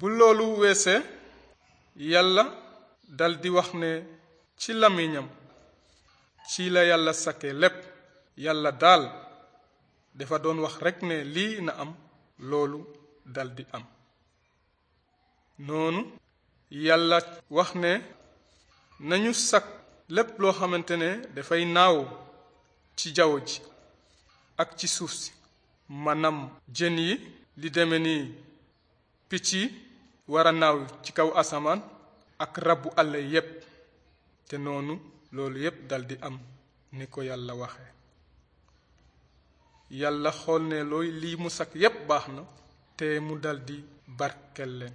bu loolu weesee yàlla daldi wax ne ci làmmiñam ci la yàlla sakke lépp yàlla daal dafa doon wax rekk ne lii na am loolu daldi am noonu yàlla wax ne nañu sakk lépp loo xamante ne dafay naaw ci jaww ji ak ci suuf si maanaam jën yi li deme ni picc yi war a naaw ci kaw asamaan ak rabu àll yépp te noonu loolu yépp daldi am ni ko yàlla waxe yàlla xool ne looy lii mu sag yépp baax na te mu daldi barkel leen